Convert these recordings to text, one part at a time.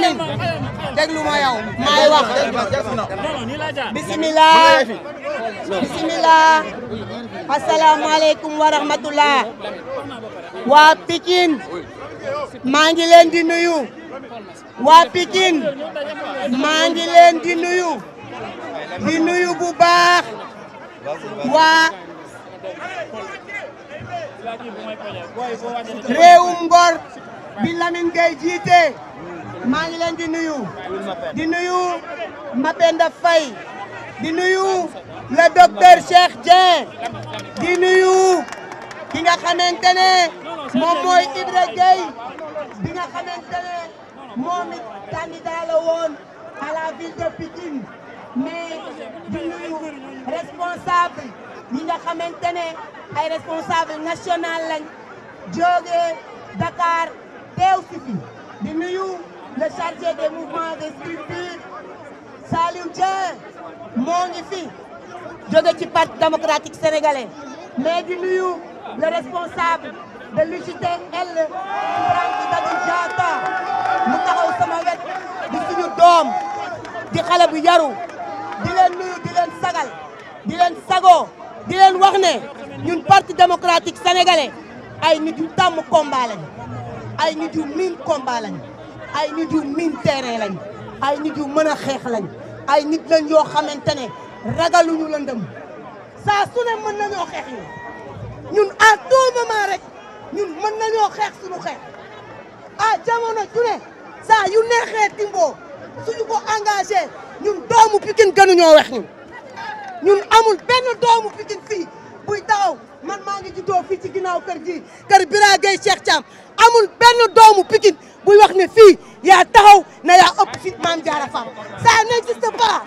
Lamine déglu maay wax bisimilah bisimilah asalaamaaleykum wa rahmatullah waa Pikine maa ngi leen di nuyu waa Pikine maa ngi leen di nuyu di nuyu bu baax waa réewum ngor bi Lamine Gueye jiite maa ngi leen di nuyu di nuyu Mapenda Faye di nuyu le docteur Cheikh Dieng di nuyu ki nga xamante ne moom mooy Ibra Gueye bi nga xamante ne moom it candidat la woon à la ville de Pikine di nuyu responsable yi nga xamante ne ay responsable national lañ jógee Dakar teew si di nuyu le chargé des mouvements des structures Saliou Dieng moo ngi fi jóge ci parti démocratique sénégalais mais di nuyu le responsable de l'UJTL Ibrahima Dadou Diatta mu taxaw sama wet di suñu doom di xale bu yaru di leen nuyu di leen sagal di leen sagoo di leen wax ne ñun parti démocratique sénégalais ay nit yu tàmm combat ay nit yu miin combat ay nit yu miin terrain lañ ay nit yu mën a xeex lañ ay nit lañ yoo xamante ne ragaluñu lëndëm saa su ne mën nañoo xeex ñun à tout moment rek ñun mën nañoo xeex suñu xeex ah ju ne saa yu neexee Timbo suñu ko engagé ñun doomu Pikine gënuñoo wex ñun amul benn doomu Pikine fii buy taxaw man maa ngi juddoo fii ci ginnaaw kër gi kër Bira Gueye Cheikh Thiam amul benn doomu Pikine buy wax ne fii yaa taxaw na yaa ëpp fi Mame Diarra Fam ça n'existe pas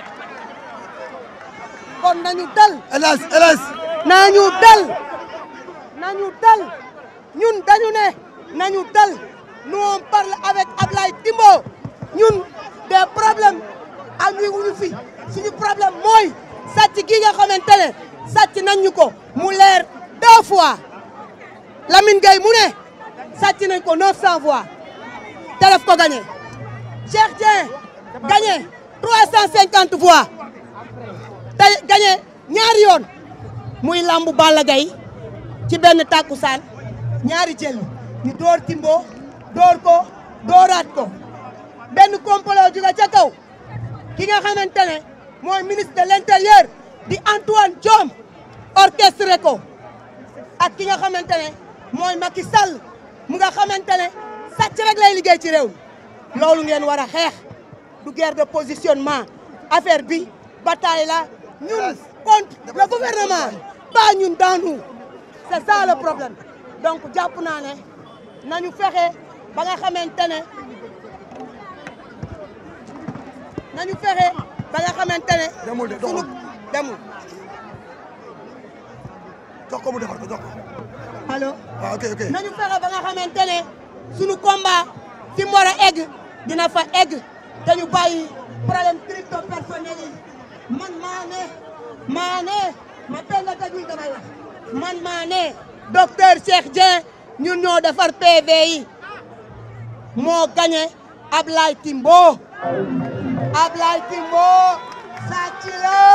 kon nañu dal hélas hélas nañu dal nañu dal ñun dañu ne nañu dal nous on parle avec Lamine mu ne sàcc nañ ko 900 voix te daf ko gagné Cheikh Dieng gagné 350 voix te gagné ñaari muy lambu Balla ci benn tàkkusaan ñaari jël ñu door Timbo door ko dooraat ko benn complot juga ca ki nga xamante ne mooy ministre de l'intérieur di Antoine Diome orchestré ko ak ki nga xamante mooy Macky Sall mu nga xamante ne sàcc rek lay liggéey ci réew mi loolu ngeen war a xeex du guerre de positionnement affaire bi bataille la ñun contre le gouvernement pas ñun dans nous c' problème donc jàpp naa ne nañu fexe ba nga xamante ne nañu fexe ba nga ne. demul de jox ko mu ah, fa egg te ñu bàyyi problème crypto personnel yi ñoo defar PV yi moo gagné Ablaye Timbo Ablaye Timbo sàcc la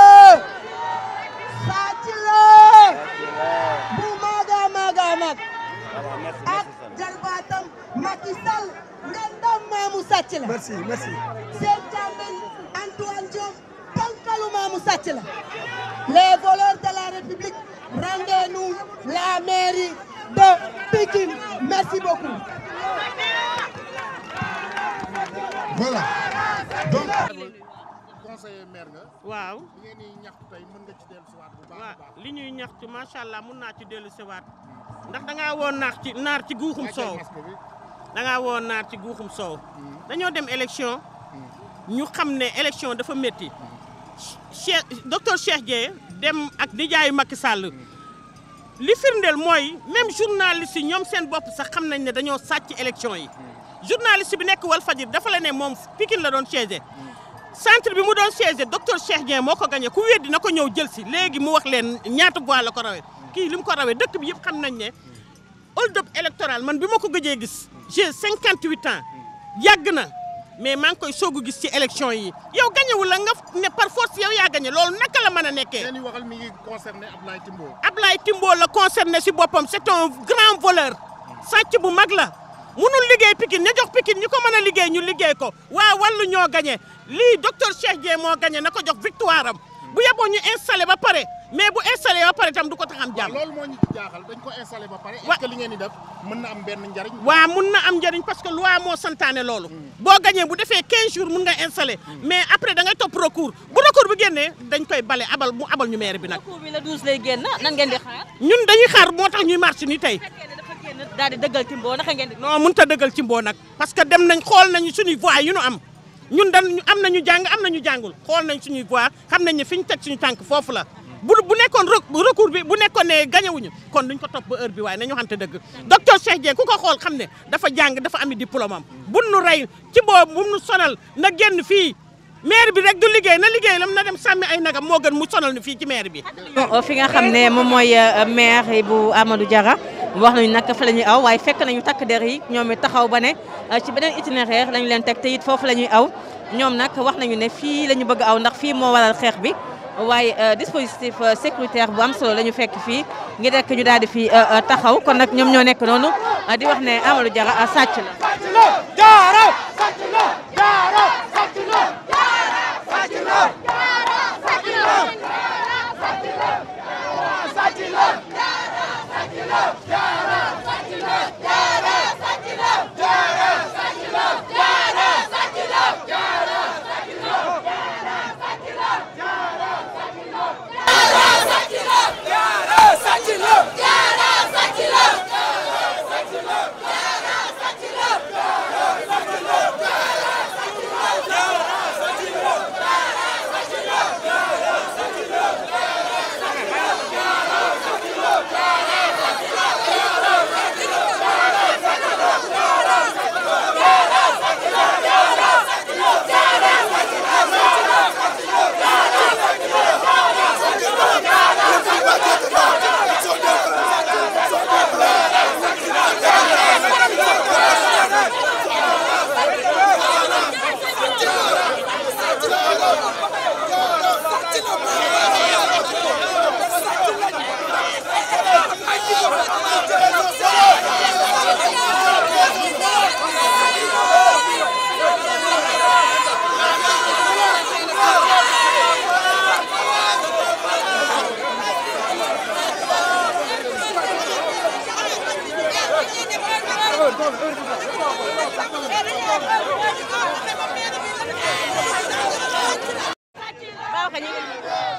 Macky Sall ngandam maamu sàcc la. merci merci. seen càmmeñ Antoine Diome ponkalu maamu sàcc la. les voleurs de la République rendez la mairie de Pikine merci beaucoup. voilà li ci dellusiwaat ñuy ñaxtu macha allah mën naa ci dellu dellusiwaat ndax da ngaa naax ci naar ci guuxum soow. da ngaa woo naar ci guuxum soow mm. dañoo dem élection mm. ñu xam ne élection dafa métti Cheikh docteur Cheikh Dieye dem ak nijaayu Macky Sall mm. li firndeel mooy même journaliste yi ñoom seen bopp sax xam nañ ne dañoo sàcc élection yi journaliste bi nekk wal Walfadjri dafa la ne moom Pikine la doon siège centre bi mu doon siège docteur Cheikh Dieng moo ko gagné ku weddi na ko ñëw jël si léegi mu wax leen ñaat voix la ko rawee kii li mu ko rawee dëkk bi yëpp xam nañ ne hold-up électoral man bi ma ko gëjee gis j'ai cinquante huit ans yàgg na mais maa ngi koy soog a gis ci élection yi yow gañewul la nga ne par force yow yaa gañe loolu naka la mën a nekkee. seen i waxal mi ngi concerné Ablaye Timbo. Ablaye Timbo la concerné si boppam c' est un grand voleur sàcc bu mag la munul liggéey Pikine ña jox Pikine ñi ko mën a liggéey ñu liggéey ko waa wàllu ñoo gañe lii docteur Cheikh Dieng moo gañe na ko jox victoire am bu yeboo ñu installé ba pare. mais bu installé ba pare tam du ko tax am jàmm. loolu moo ko installé ba pare. est-ce que li na am benn njariñ. waaw parce que loi moo santaane loolu. Hmm. boo gañee bu defee 15 jours mën nga installé. Hmm. mais après da ngay topp recours bu recours bi génnee dañ koy bale abal mu abal ñu maire bi nag. recours bi la 12 lay génn nan ñun dañuy xaar moo tax ñuy marché ni tey. daal di dëggal ci ngeen di. non mënut a dëggal ci mboo nag parce que dem nañ xool nañu suñuy voix yu ñu am ñun dañ am nañu jàng am nañu jàngul xool nañ ñuy voix xam nañ ne fi ñu teg suñu tànk foofu la bu bu nekkoon recours bi bu nekkoon ne gagné kon duñ ko topp ba heure bi waaye nañu xamante dëgg docteur Cheikh Dieng ku ko xool xam ne dafa jàng dafa ami diplôme am bu nu rey ci boobu bu nu sonal na génn fii maire bi rek du liggéey na liggéey lam na dem sàmmi ay nagam moo gën mu sonal nu fii ci maire bi. fi nga xam ne moom mooy euh, maire bu Amadou Diarra wax nañu nag fa la ñuy aw waaye fekk nañu takk der yi ñoom it taxaw ba ne euh, ci beneen itinéraire lañu leen teg te it foofu la ñuy aw ñoom nag wax nañu ne fii lañu ñu bëgg aw ndax fii moo waral xeex bi. waaye euh, dispositif euh, sécuritaire bu am solo la ñu fekk fii ngi rek ñu daal di fi euh, taxaw kon nag ñoom ñoo nekk noonu di wax ne amalu Amadou Diarra sàcc la.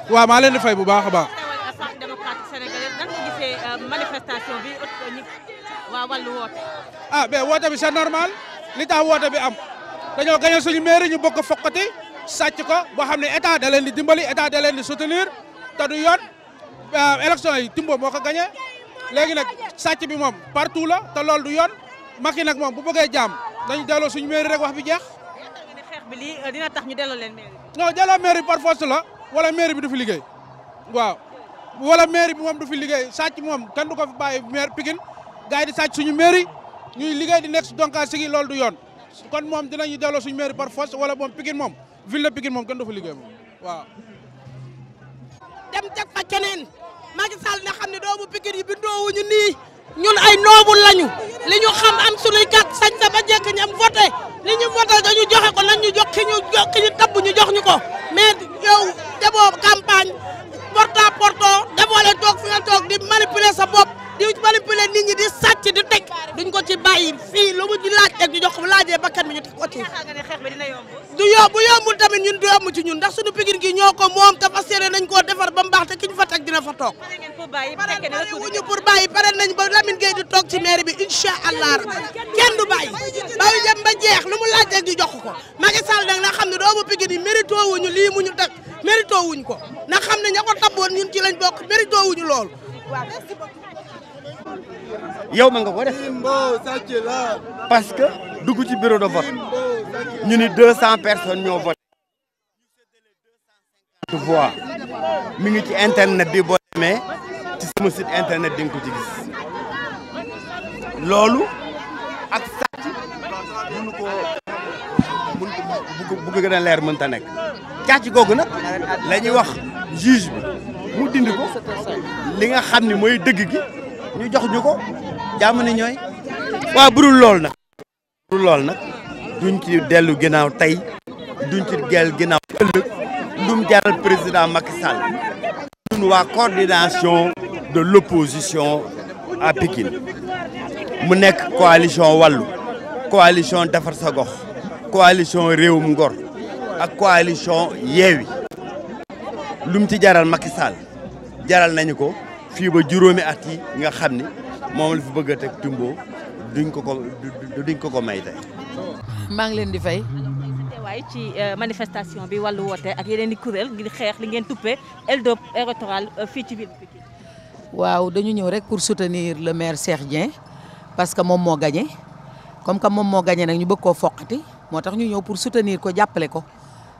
waaw maa leen di fay bu baax a baax. Euh, manifestation bi waa wàllu woote. ah mais woote bi c'est normal li tax woote bi am dañoo gañe suñu mairie ñu bokk fokkati sàcc ko boo xam ne état da leen di dimbali état da leen di soutenir ta du yoon euh, élection yi Timbo moo ko gañe léegi nag sàcc bi moom partout la te lool du yoon Macky nag moom bu bëggee jaam dañu delloo suñ mairie rek wax bi jeex. xeex bi lii euh, dina tax ñu delloo leen mairie. non delloo mairie par force la. wala maire bi du fi liggéey waaw wala maire bi moom du fi liggéey sàcc moom kenn du ko fi bàyyi maire Pikine di sàcc suñu maire yi ñuy liggéey di nekk si donkaa sigi loolu du yoon kon moom dinañu delloo suñu maire par force wala moom Pikine moom ville de moom kenn du fa liggéey moom waaw dem teg fa keneen Macky Sall na xam ne doomu Pikine yi bindoowuñu nii ñun ay noobul lañu li ñu xam am suñuy kat sañ sa ba ñam voté li ñu voté dañu joxe ko nañ ñu bu yombul tamit ñun du yomb ci ñun ndax suñu Pikine gi ñoo ko moom te fas yéene nañ koo defar ba mu baax te ki ñu fa teg dina fa toog pare wuñu pour bàyyi pare nañ ba Lamine Gueye di toog ci maire bi incha allah kenn du bàyyi bàyyi jëm ba jeex lu mu laaj rek ñu jox ko Macky Sall nag na xam ne doomu Pikine yi mérito wuñu lii mu ñu teg mérito wuñ ko na xam ne ña ko tabboon ñun ci lañ bokk mérito wuñu loolu yow ma nga ko def parce que dugg ci bureau de ñu ni deux cent personne ñoo voté voix mi ngi ci internet bi boo demee ci sama internet di nga ko ci loolu ak sàcc mënu ko mun bu gën a leer mënta nekk càcc googu nag la ñuy wax juge bi mu dindi ko li nga xam ni mooy dëgg gi ñu jox ñu ko jàmm ni ñooy waa burul lool nag burul lool nag duñ ci dellu ginnaaw tey duñ ci dellu ginnaaw ëllëg lum jaral président Macky Sall ñun waa coordination de l'opposition à Pikine mu nekk coalition wàllu coalition defar sa gox coalition réewum ngor ak coalition yeewi lum ci jaral Macky jaral nañu ko fii ba juróomi at yi nga xam ni moom la fi bëgg a teg Timbo duñ ko ko duñ ko ko may tey maa ngi leen di fay. waaye ci euh, manifestation bi wàllu woote ak yeneen i kuréel ngir xeex li ngeen tuppee LDOP électoral euh, fii ci biir Pikine. waaw dañu ñëw rek pour soutenir le maire Cheikh Dieng parce que moom moo gagné comme que moom moo gagné nag ñu bëgg koo foqati moo tax ñu ñëw pour soutenir ko jàppale ko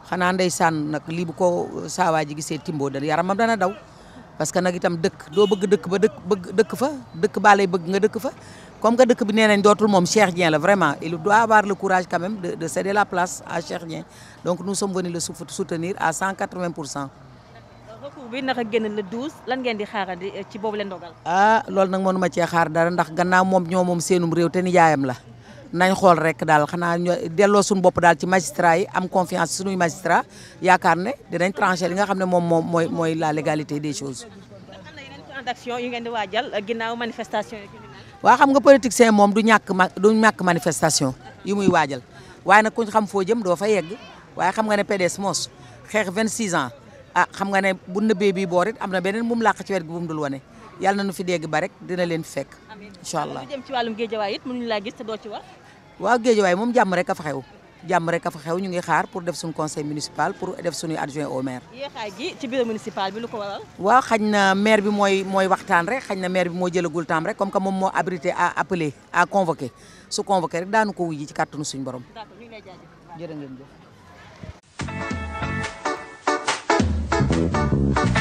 xanaa ndeysaan nag lii bu ko saawaa ji gisee Timbo da yaramam dana daw. parce que nag itam dëkk doo bëgg dëkk ba dëkk bëgg dëkk fa dëkk baa bëgg nga dëkk fa comme que dëkk bi nee nañ dootul moom Cheikh Dieng la vraiment il doit avoir le courage quand même de de la place à Cheikh Dieng donc nous sommes venus le soutenir à 180 pour cent. recours bi naka génn lan ngeen di xaarandi euh, ci boobu la ndogal. ah loolu nag mënuma cee xaar dara ndax gannaaw moom ñoo moom seenum réew te yaayam la nañ xool rek daal xanaa ñu delloo suñu bopp daal ci magistrat yi am confiance suñuy magistrat yaakaar ne dinañ trancher li nga xam ne moom moom mooy mooy la légalité des choses. plan d'action yu ngeen di waajal ginnaaw manifestation yi. waa xam nga politicien moom du ñàkk ma du ñàkk manifestation yu muy waajal waaye nag ku xam foo jëm doo fa yeg waa xam nga ne PDS moos xeex 26 ans ah xam nga ne bu nëbbee bi boor it na beneen bu mu làq ci wet gi bu mu dul wane na nu fi dégg ba na dina leen fekk. incha allah jëm ci wàllum géejawaay it mënuñu laa gis te doo ci wax. waaw moom jàmm rek a fa xew jàmm rek a fa xew ñu ngi xaar pour def suñu conseil municipal pour def suñu adjoint au maire. ci bureau municipal bi lu ko waral. waaw xañ na maire bi mooy mooy waxtaan rek xañ na maire bi moo jëlagul temps rek comme que moom moo abrité à appeler à convoquer su convoqué rek daanu ko wujji ci kàttanu suñu borom. ñu ngi lay jaajëfal